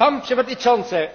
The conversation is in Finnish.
pan przewodniczący!